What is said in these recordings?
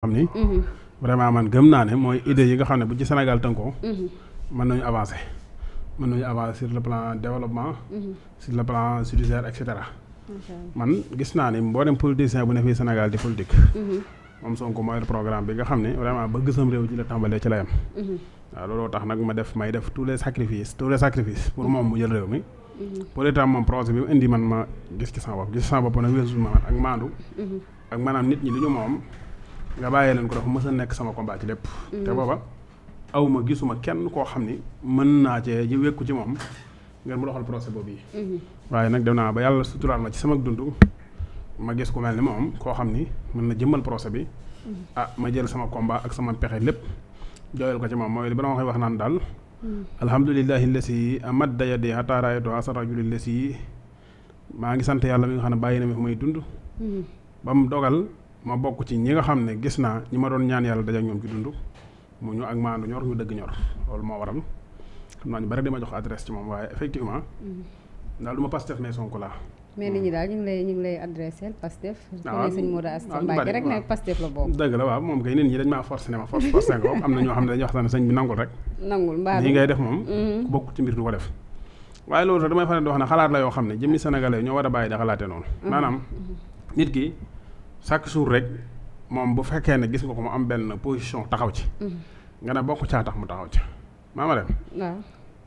xam ni mhm. vraiment man gëm naa ne mooy idée yi nga xam ne bu ci Sénégal tënkoo mhm. mën nañu avancer mën nañu avancer sur le plan développement mhm. sur le plan judiciaire et cetera man gis naa ni mboolem politicien bu ne fii Sénégal di politique moom Sonko mooy programme bi nga xam ne vraiment bëgg sam réew ji la tàmbalee ci la yam waaw looloo tax nag ma def may def tous les sacrifices tous les sacrifices pour moom mu jël réew mi pour état moom projet bi mu indi man ma gis ci sama bopp gis bopp nag weesu ma ak ak maanaam nit nga bàyyee leen ko dafa mës nekk sama combat ci lépp. Mm. te booba awma gisuma kenn koo xam ni mën naa cee ji wékku ci moom ngeen mu doxal procès boobu yi. Mm-hmm. waaye nag dem naa ba yàlla suturaal ma ci sama dund ma gis ko mel ni moom koo xam ni mën na jëmmal procès bi. Mm-hmm. ah ma jël sama combat ak sama pexe lépp jooyal ko ci moom mooy li ba ma wax naan daal. Mm-hmm. alhamdulilahi lesi amad dayade ataaraayatu asarajuli lesi maa ngi sant yàlla mi nga xam ne bàyyi na ma dund. ma bokk ci ñi nga xam ne gis naa ñi ma doon ñaan yàlla daje ak ñoom ci dund mu ñu ak maandu ñor ñu dëgg ñor loolu moo waral xam naa ñu bari di ma jox adresse ci moom waaye effectivement. Mm-hmm. daal du ma Pastef mais Sonko laa. mais nit ñi mm. daal ñu ngi lay ñu ngi lay adressé Pastef. Ah, ah, waaw waaw suñu mot de rek ne Pastef la bokk. dëgg la waaw moom kay nit ñi dañ maa forcé ne ma force forcé ko am na ñoo xam ne dañuy waxtaan sëñ bi nangul rek. nangul mbaa ngay def moom. Mm-hmm. ku bokk ci loolu rek damay wax ne xalaat la yoo xam ne jëmmi sénégalais ñoo war a bàyyi di xalaate noonu. Mm-hmm. maanaam nit ki chaque jour rek moom bu fekkee ne gis nga ko mu am benn position taxaw ci. Mm-hmm. nga ne bokk caa tax mu taxaw ci maama dem. waaw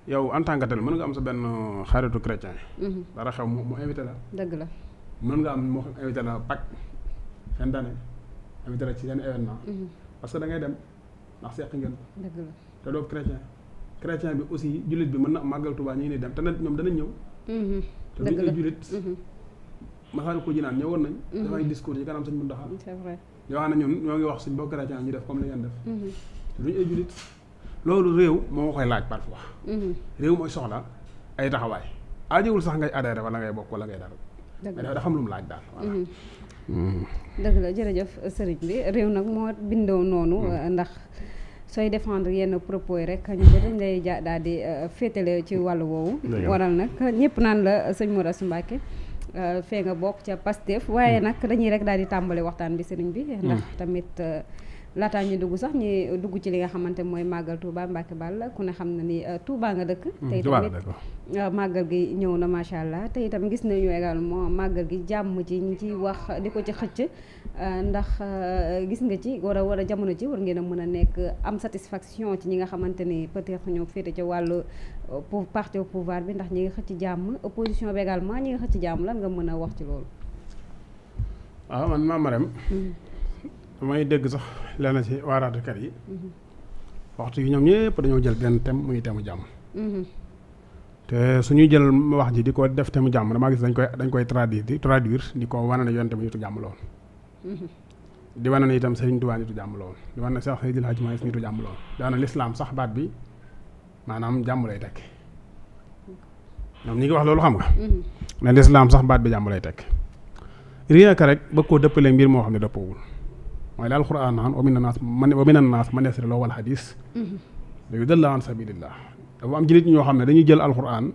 yow en tant que mën nga am sa benn xaritu chrétien. Mm-hmm. dara xew mu mu invité la. dëgg la mën nga am mu la Pâques fin d'année ci yenn événement. Mm-hmm. parce que da ngay dem ndax seq ngeen ko. dëgg la te doo chrétien chrétien bi aussi jullit bi mën na màggal Tuubaa ñu ngi dem te nag ñoom danañ ñëw. te duñ ay jullit. Masaalikul Jinaan ñëwoon nañ. Mhm. def ay discours yi kanam sëñ Muntaxa. c'est vrai yoo xam ne ñun ñoo ngi wax suñ bokk chrétien ñu def mhm. loolu réew moo koy laaj parfois. Mhm. réew soxla ay taxawaay aajewul sax ngay adhéré wala ngay bokk wala ngay lu laaj daal voilà. dëgg la jërëjëf sëriñ bi nag moo bindoo noonu euh, ndax sooy défendre yenn propos yi rek ñu bëri daal di euh, féetale ci wàllu woowu. waral nag ñëpp naan la sëñ Moura Mbacke Euh, fee nga bokk ca Pastef waaye hmm. nag dañuy rek daal di tàmbali waxtaan bi sëriñ bi hmm. ndax tamit euh, laataa ñi dugg sax ñu dugg ci li nga xamante mooy màggal Touba Mbacke Ball ku ne xam na ni euh, Touba nga dëkk hmm, tey tamit màggal gi ñëw na macha allah tey itam gis nañu également màggal gi jàmm ci ñi ci wax di ko ci xëcc Euh, ndax euh, gis nga ci war a war a jamono ji war ngeen a mën a nekk am satisfaction ci ñi nga xamante ni peut-être ñoo féete ca wàllu euh, pour parti au pouvoir bi ndax ñi nga xëcc jàmm opposition bi également ñi nga xëcc lan nga mën a wax ci loolu. waaw ah, man Mame Marème mm-hmm. dégg sax lenn ci waaraatekat yi. Mm-hmm. waxtu yi ñoom ñëpp dañoo jël benn thème muy thème jàmm. Mm-hmm. su ñuy jël wax ji di ko def thème jàmm damaa gis dañ koy dañ koy traduire di traduire di ko wane ne yoon tamit nitu jàmm lool. di wane ne itam sëriñ Tuubaa nitu jàmm la woon di wane ne sax Seydil Hadji Malick nitu jàmm la woon di wane ne lislaam sax baat bi maanaam jàmm lay tekk ñoom ñi ngi wax loolu xam nga mhm. ne lislaam sax baat bi jàmm lay tekk rien que rek bëgg koo dëppalee mbir moo xam ne dëppawul mooy la alxuraan naan wa minan naas man wa minan naas man yasri loo wal hadis la mhm. yudalla an sabilillah dafa am ci nit ñoo xam ne dañuy jël alxuraan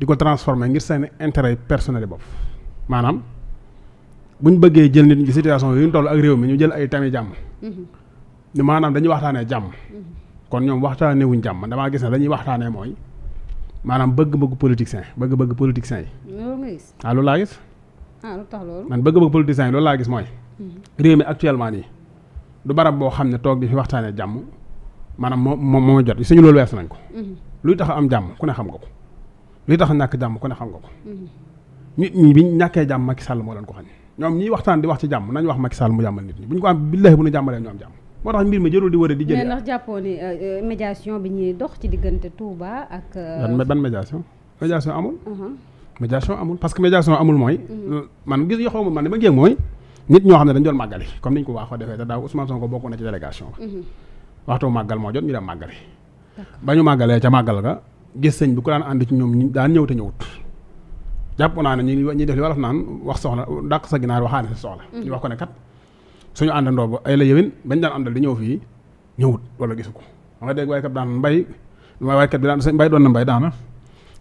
di ko transformé ngir seen intérêt personnel yi bopp maanaam bu ñu bëggee jël nit ñi situation yu ñu toll ak réew mi ñu jël ay tami jàmm. ni mm-hmm. maanaam dañuy waxtaanee jàmm. Mm-hmm. kon ñoom waxtaanee wuñ jàmm damaa gis dañuy waxtaanee mooy maanaam bëgg-bëggu politicien bëgg-bëgg politicien yi. Ah, loolu laa gis. ah lu tax loolu. man bëgg-bëgg politicien yi laa gis mooy. Mm-hmm. réew mi actuellement nii du barab boo xam ne toog di fi waxtaanee jàmm maanaam moo moo moo jot suñu loolu weesu nañ ko. luy tax am jàmm ku ne xam nga ko luy tax ñàkk jàmm ku ne xam nga ko. nit ñi bi ñàkkee jàmm Macky Sall moo leen ko xam. ñoom ñiy waxtaan di wax ci jàmm nañu wax ma Sall mu jàmmal nit ñi bu ñu ko am billahi bu ñu jàmmalee ñoom jàmm moo tax mbir mi jërul di wër di jëlee mais jàppoo ni euh, euh, médiation bi ñuy dox ci diggante Touba ak. Euh, ban ban médiation médiation amul. Uh-huh. médiation amul parce que médiation amul mooy. Uh-huh. man gis yoxoo man li ma géeg mooy. nit ñoo xam ne dañ doon màggali comme niñ ko waaxoo defee te daaw Ousmane Sonko bokkoon na ci délégation ba. Uh-huh. waxtu màggal moo jot ñu dem màggali. ba ñu màggalee ca màggal ga gis sëñ bi ku daan ànd ci ñoom daan ñëw te ñëwut. jàpp naa ne ñu ñuy def li naan wax soxla dàq sa ginaar waxaane sa soxla mm. ñu wax ko ne kat suñu àndandoo ba ay la yëwén bañ daan àndal di ñëw fii ñëwut wala gisu ko ma nga dégg daan mbay waaykat bi daan mbay doon na mbay daana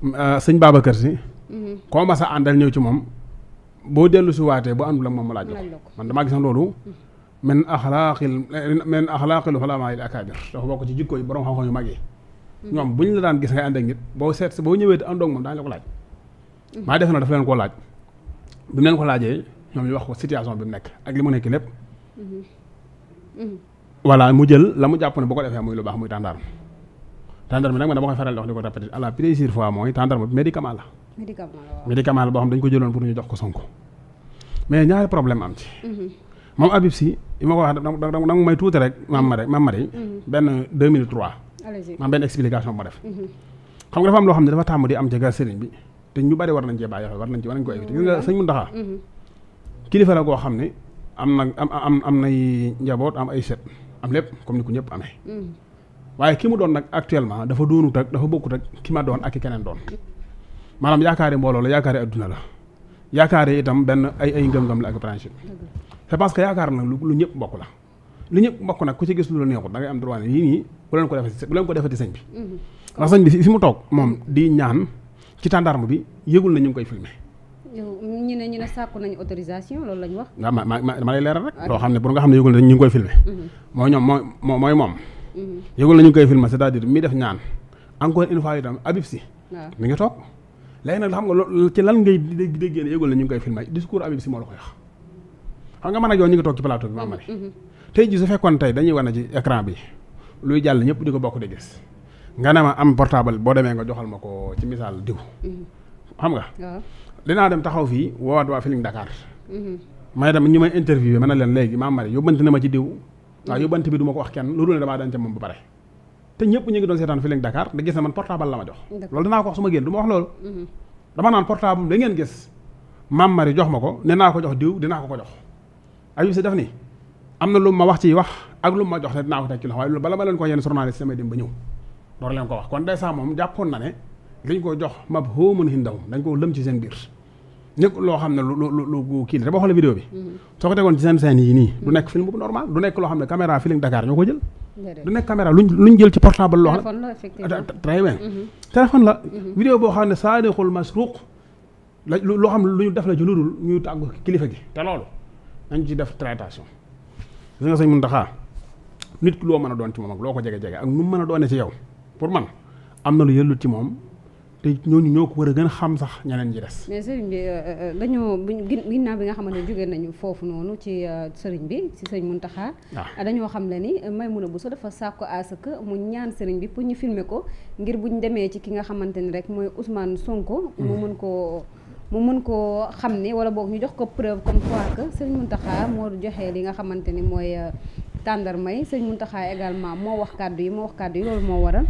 euh, sëñ Babacar si mm-hmm. koo mas a àndal ñëw ci moom boo dellu si waatee bu àndul ak moom mu laaj la ko man damaa gis na loolu men mm-hmm. axlaaqil men axlaaqil xulamaa il akaabir ci jikko borom xam-xam yu mag yi mm-hmm. ñoom buñ la daan gis ngay ànd ak nit boo seet boo ñëwee te àndoog moom daañu la laaj Mhm. maa def na dafa leen koo laaj bi mu leen ko laajee ñoom ñu wax ko situation bi mu nekk ak li mu nekk lépp mhm. Mhm. voilà mu jël la mu jàpp ne bu ko defee muy lu baax muy tàndaar tàndaar bi nag man dama koy faral di wax di ko répété à la plusieurs fois mooy tàndaar bi médicament la médicament la boo xam dañ ko jëloon pour ñu jox ko Sonko mais ñaari problème am ci moom Habib si li ma ko wax danga may tuuti rek maam ma rek maam Marie benn 2003 maam benn explication bu ma def xam nga dafa am loo xam ne dafa tàmm di am ci gar sëriñ te ñu bari war nañ cee bàyyi xel war nañ ci war nañ ko éviter gis nga mm-hmm. sëñ Muntaxa mm-hmm. kilifa la koo xam ne am nag am am am nay njaboot am ay set am lépp comme ni ku ñëpp amee mm-hmm. waaye ki mu doon nag actuellement dafa doonut ak dafa bokkut ak ki ma doon ak keneen doon maanaam yaakaari mbooloo la yaakaari adduna la yaakaari itam benn ay ay ngëm-ngëm la ak principe c'est parce que yaakaar nag lu ñëpp bokk la lu ñëpp bokk nag ku ci gis lu la neexut da am droit ne yii nii bu ko defati bu leen ko defati sëñ bi ndax sëñ bi fi mu toog moom di ñaan ci tàndarma bi yëgul na ñu ngi koy filmé. ñu ne ñu ne sàkku nañu autorisation loolu lañ wax. waaw ma ma ma lay leeral rek. Ah. loo xam ne pour nga xam ne yëgul na ñu ngi koy filmé. Mhm. mooy ñoom mooy moom. Mhm. yëgul na ñu ngi koy filmé c'est-à-dire mi def ñaan encore une fois tam Habib Sy. waaw ah. mi ngi toog léegi nag xam nga loolu ci lan ngay déggee ne yëgul na ñu ngi koy filmé discours Habib Sy moo la koy wax. xam nga mën ak yow ñu ngi toog ci plateau bi ma amee. Mhm, tey jii su fekkoon tey dañuy wane ci écran bi luy jàll ñëpp di ko bokk di gis nga ne ma am portable boo demee nga joxal ma ko ci misaal diw. Mm-hmm. xam nga. dinaa dem taxaw fii woowaat waa Feeling dakaar mm-hmm. may dem ñu may interviewé ma ne leen léegi maam Marie yóbbante na ma ci diw. waaw mm-hmm. yóbbante bi du ko wax kenn loolu ne damaa daan ca moom ba pare. te ñu ngi doon seetaan Feeling Dakar da gis na man portable la ma jox. loolu ko wax su ma génn du ma wax loolu. da ngeen gis. maam Marie jox ma ko nee naa ko jox diw dinaa ko ko jox. ayib si def ni am na lu ma wax ciy wax ak lu ma jox te dinaa ko teg ci loxo waaye loolu bala ma leen ko yenn journaliste samay dem ba ñëw door leen ko wax kon day moom jàppoon na ne dañ ko jox mab hóomun hindahum dañ ko lëm ci seen biir nekk loo xam ne lu lu lu kii la boo xoolee vidéo bi mm-hmm. soo ko tegoon ci seen seen yi nii du mm-hmm. nekk film bu normal du nekk loo xam ne caméra Feeling Dakar ñoo ko jël du nekk caméra luñ luñ jël ci portable loo xam ne ah, très bien mm-hmm. téléphone la vidéo boo xam ne saadiqul masruq la loo xam lu ñu def la ci lu dul ñuy tàggu kilifa gi te loolu nañ ci def traitation gis nga sëñ Muntaxa nit loo mën a doon ci moom ak loo ko jege jege ak nu mu mën a doone ci yow pour man am na lu yëllu ci moom te ñooñu ñoo ko war a gën a xam sax ñeneen ñi des. mais sëriñ bi euh, euh, dañoo ginnaaw bi nga xamante ni jóge nañu foofu noonu ci euh, sëriñ bi ci sëriñ Mountakha. Ah. dañoo xam le ni Maimouna Bousso dafa sàkko à ce que mu ñaan sëriñ bi pour ñu filmer ko ngir buñ demee ci ki nga xamante ni rek mooy Ousmane Sonko. mu mën hmm. koo mu mën koo xam ne wala boog ñu jox ko preuve comme quoi que sëriñ Mountakha moo joxee li nga xamante ni mooy tàndarma yi sëriñ taxaa également moo wax kàddu yi moo wax kàddu yi loolu moo waral.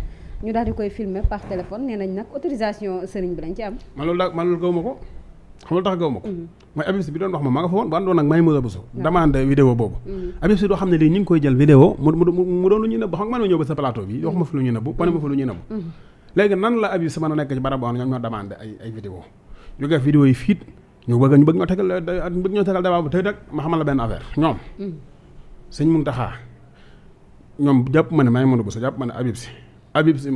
ñu daal di koy filmer par téléphone nee nañ nag autorisation sëriñ bi lañ ci am. man loolu daa man loolu gaw ma ko xam tax gaw ma ko. Mhm. mooy abib si bi doon wax ma ma nga fa woon ba àndoon demande boobu mhm. abib si xam ne ngi koy jël vidéo mu mu doon lu ñuy nëbb xam nga man ma ñëw ba sa plateau bi waxuma fi lu ñuy nëbb wane ma fi lu ñuy nëbb mhm. léegi nan la abib si mën a nekk ci barab boo ñoom ñoo demandé ay ay vidéo jógee vidéo bu tey rek a bësu ma ne abib si Habib Sy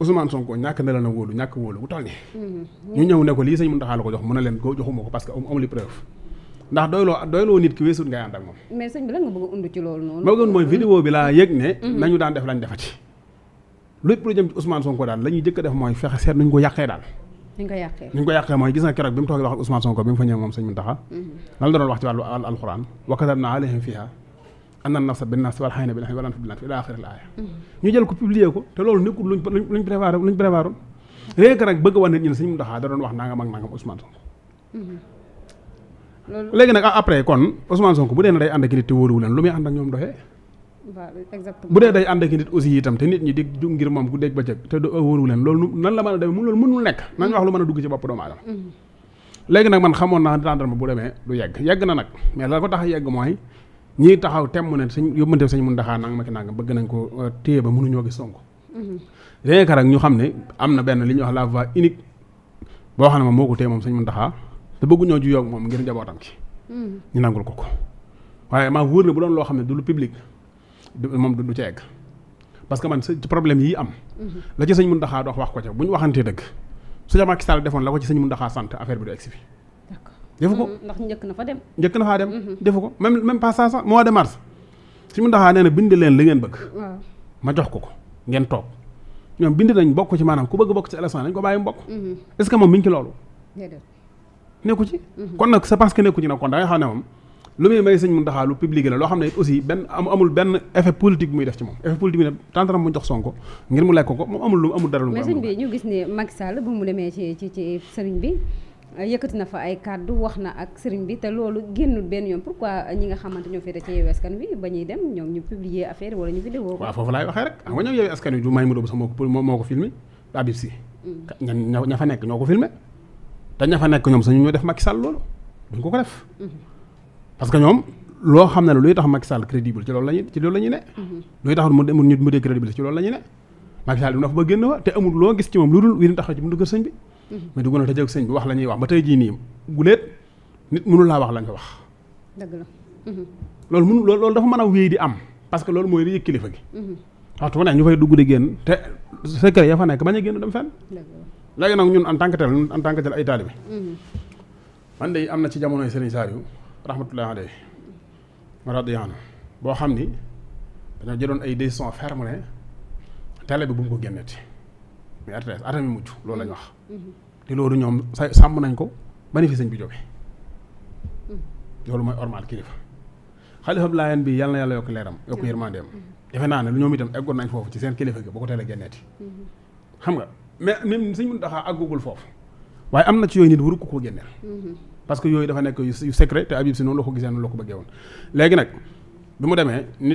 Ousmane Sonko ñàkk na la na wóolu ñàkk wóolu bu toll nii. Mm-hmm. ñu ñëw ne ko lii sëñ Mountakha la ko jox mën na leen ko joxuma ko parce que amul preuve ndax doyloo doyloo nit ki weesut ngay ànd ak moom. mais sëñ bi lan nga bëgg und ci loolu noonu. ma bëggoon mooy vidéo bi laa yëg ne. Mm-hmm. nañu daan def lañ defati. lépp lu jëm ci Ousmane Sonko daal la jëkk def mooy fexe seet nuñ ko yàqee daal. nuñ ko yàqee mooy gis nga keroog bi mu toogee wax ak Ousmane Sonko bi am na nafsa bin nafsi wal xayna bil xayna wal anfa bil hmm. ko publier ko te loolu nekkul luñ luñ prévoir luñ prévoir nag bëgg wan nit ñi ne sëñ wax nangam ak nangam Ousmane Sonko hmm. léegi nag après kon Ousmane Sonko bu dee ne day ànd ak nit te wóoruwu leen lu muy ànd ak bu dee day ànd ak nit itam te nit ñi di jug ngir moom ku dégg ba cëg te wóoruwu leen loolu nan la mën a demee mun loolu nekk hmm. nañ wax lu mën a dugg ci bopp doomu aadama nag man xamoon naa gendarme bu demee du yegg yegg na nag mais la ko tax yegg mooy ñii taxaw temm ne sañ yóbbante sañ mun ndaxaa nang ma ki nangam bëgg nañ ko euh, téye ba mënuñoo gis sonk mm-hmm. rien que rek ñu xam ne am na benn li ñu wax la voie unique boo xam ne moom moo ko téye moom sañ mun ndaxaa te bëgguñoo ju yoog moom ngir njabootam ki mm-hmm. ñu nangul ko ko waaye maa wóor na bu doon loo xam ne du lu public moom du ci egg parce que man ci problème yi am mm-hmm. la ci sañ mun ndaxaa dox wax ko ca bu ñu waxantee dëgg su ca Macky Sall defoon la ko ci sañ ndaxaa sant affaire bi du egsi fi defu ko mm, ndax njëkk na fa dem. njëkk na faa dem. Mm-hmm. defu ko même même pas mois de mars suñu ndaxaa nee na bind leen li ngeen bëgg. ma jox ko ko ngeen toog ñoom bind nañ bokk ci maanaam ku bëgg bokk ci élection nañ ko bàyyi mu bokk. Mm-hmm. est ce que moom mi ngi ci loolu. nekku ci. Mm-hmm. kon nag c'est parce que nekku ci nag kon da ngay ne moom lu muy may sëñ Mountakha lu public la loo xam ne it aussi benn amul benn effet politique muy def ci moom effet politique bi ne tantaram mu jox Sonko mu lekk ko moom amul lu amul demee ci ci ci sëriñ bi. yëkkati na fa ay kàddu wax na ak sëriñ bi te loolu génnul benn yoon pourquoi ñi nga xamante ñoo féete ci Yewwi Askan Wi ba ñuy dem ñoom ñu publier affaire wala ñu vidéo ko waaw foofu laay waxee rek xam nga ñoom Yewwi Askan Wi du may mu doobu fa nekk ñoo ko filmé te ña ñoom sax ñu ñoo def Macky Sall loolu ko ko def mm-hmm. parce que ñoom loo xam ne luy tax Macky Sall crédible ci loolu lañu ci loolu la ñuy ne mm-hmm. luy tax mu mu dee crédible wa te amul loo gis ci moom lu dul wi taxaw ci buntu kër sëñ bi Mhm. mais dugg na te jël sëñ bi wax la ñuy wax ba tey jii nii guleet nit mënu laa wax la nga wax. dëgg la. Mhm. loolu mënu loolu dafa mën a wéy di am parce que loolu mooy riy kilifa gi. Mhm. waxtu bu ne ñu fay dugg di génn te secret ya fa nekk bañ a génn dem fenn. léegi nag ñun en tant ñun en tant ay taalibe. man de am na ci jamonoy Serigne Saliou rahmatullahi alayhi radiyallahu boo xam ni dañoo jëloon ay décision ferme ne télé bi bu mu ko génneti muy RTS atam yi mujj loolu lañ wax mm-hmm. te loolu ñoom sa sàmm nañ ko bénéfice bi jóge mm-hmm. loolu mooy ormal kilifa xalifa laayan laayeen bi yàlla na yàlla yokk leeram yokk yërmandeem mm-hmm. defe naa ne lu ñoom itam eggoon nañ foofu ci seen kilifa gi boo ko teel génneeti xam nga mais même suñ mun taxaa àggugul foofu waaye am na ci yooyu nit waru ko ko génneel parce yooyu dafa nekk yu secret te Habib si noonu la ko gisee noonu la ko bëggee woon léegi nag bi mu